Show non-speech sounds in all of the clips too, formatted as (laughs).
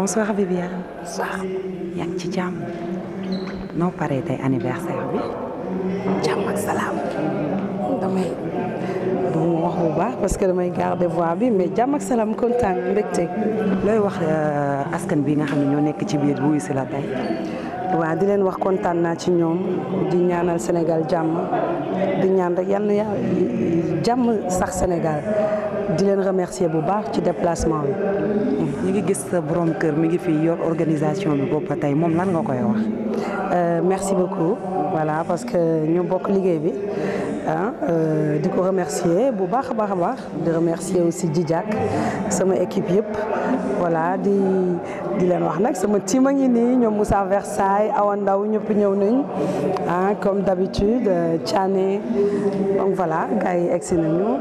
bonsoir Viviane. bonsoir. yaa ci jàmm. noo paree tey anniversaire bi. jàmm ak salaam. damay. bu mu wax parce que damay garder voix bi mais jàmm ak salaam kontaan mbégte. looy wax euh, askan bi nga xam ñoo nekk ci biir bu si la di leen wax kontaan naa ci ñoom di ñaanal Sénégal jàmm di ñaan rek yal na jàmm sax Sénégal. di leen remercier bu baax ci déplacement bi. ñu ngi gis sa borom kër mi ngi fi yor organisation bi boobu ba tey moom lan nga koy wax. Euh, merci beaucoup voilà parce que ñu bokk liggéey bi. ah di ko remercier bu baax a baax a baax di remercier aussi Djidiack sama équipe yëpp voilà di di leen wax nag sama team a ngi nii ñoom Moussa Versailles Awa Ndaw ñëpp ñëw nañ ah comme d'habitude euh, Thiané donc voilà gars yi egsi nañu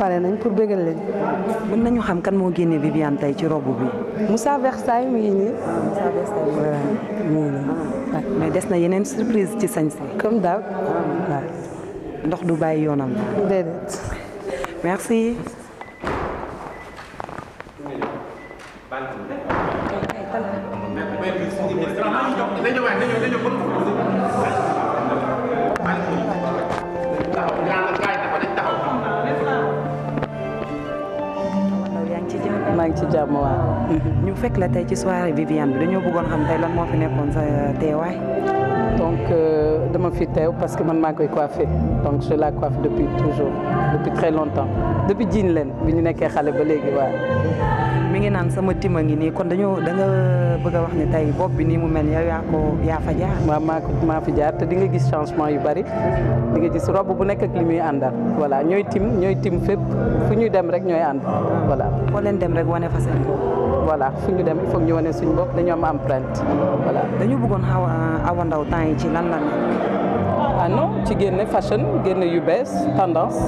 pare nañ pour bégal leen. mën nañu xam kan moo génne Viviane tey ci robe bi. Moussa Versailles mi nii. Ah, mais des na yeneen surprise ci sañ-sañ. comme daaw ah. waaw. ndox du bàyyi yoonam. déedéet. merci. maa ngi ci jàmm waaw. (laughs) ñu fekk la tey ci soirée Viviane bi dañoo bëggoon xam tey lan moo fi nekkoon sa teewaay. donc euh, dama fi teew parce que man maa koy coiffé donc je la coiffe depuis toujours depuis très longtemps depuis jiin leen bi ñu nekkee xale ba léegi waaw. mi ngi naan sama tima ngi nii kon dañoo da bëgg a wax ne tey bopp bi nii mu mel yow yaa ko yaa fa jaar. waaw maa ko maa fi jaar te di nga gis changement yu bari di nga gis robe bu nekk ak li muy àndal voilà ñooy tim ñooy tim fépp fu ñuy dem rek ñooy ànd voilà. foo leen dem rek wane fa seen voilà fu ñu dem il faut ñu wane suñu bopp dañoo am empreinte voilà. dañu buggoon xaw a Awa Ndao temps yi ci lan la ah non ci génne fashion génne yu bees tendance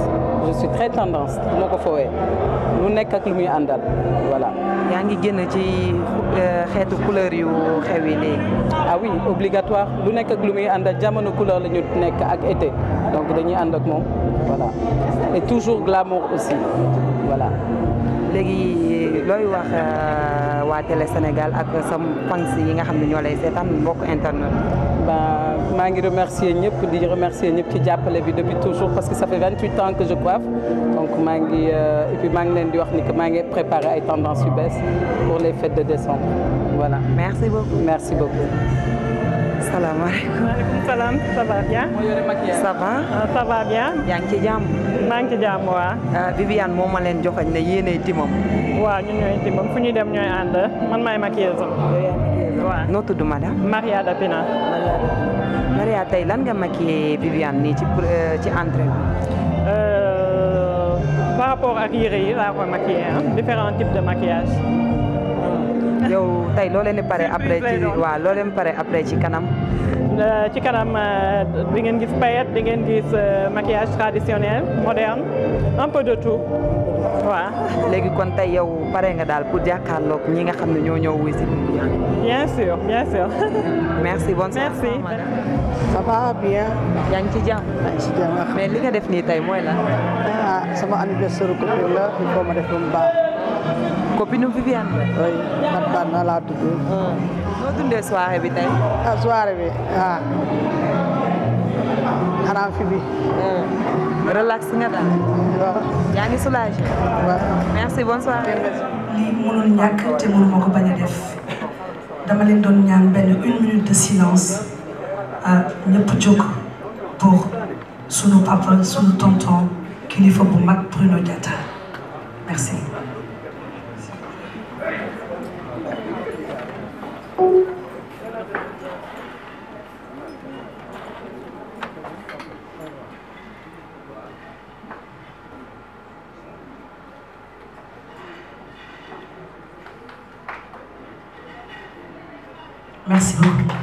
je suis très tendance bu ma ko foowee lu nekk ak lu muy àndal voilà. yaa ngi génn ci euh, xeetu couleur yu xew yi a ah oui obligatoire lu nekk lu muy àndal jamono couleur lañu nekk ak été donc dañuy ànd ak moom voilà et toujours glamour aussi voilà. léegi looy wax euh, waa Télé Sénégal ak sam fans yi nga xam ne ñoo lay seetaan mbokk internet. ba maa ngi remercier ñëpp di remercier ñëpp ci jàppale bi depuis toujours parce que ça fait 28 ans que je coiffe donc maa ngi euh, et maa ngi leen di wax ni que maa ngi préparé ay tendances yu bees pour les fêtes de décembre voilà. merci merci beaucoup. salaamaaleykum. maaleykum salaam ça bien. Euh, ça va. bien. yaa ngi ci jàmm. maa ngi ci jàmm waa. Euh, Viviane moom ma leen joxoñ ne yéenay timam. waaw ñun ñooy timam fu ñuy dem ñooy ànd man maay maquilleuse. waaw noo tudd madame. Maria Dapina. Maria tey lan nga maquillé Viviane nii ci euh, ci entrée bi. par rapport laa ko maquillé ah différents types de maquillage. yow tey loo leen di pare après ci waaw loo leen ci kanam euh, ci kanam euh, di ngeen gis paillettes di ngeen gis euh, maquillage traditionnel moderne un peu de tout léegi kon tey yow pare nga daal pour jàkkaarloog ñi nga xam ne ñoo ñëw wuy si bien bien sûr (laughs) merci bonne soirée merci bien yaa ngi ci jàmm mais li nga def nii tey mooy lan ah sama anniversaire couple la baax copine Viviane la. oui laa tudd. Hmm. noo dundee soirée bi tey. ah soirée bi ah. xanaa fi hmm. relax nga daal. yaa ngi soulagé. merci bonne soirée. lii ñàkk te mënuma ko bañ a def dama leen doon ñaan benn une minute de silence ah, ñëpp jóg pour sunu papa sunu tonton kilifa bu mag Bruno Diatta merci. Merci beaucoup.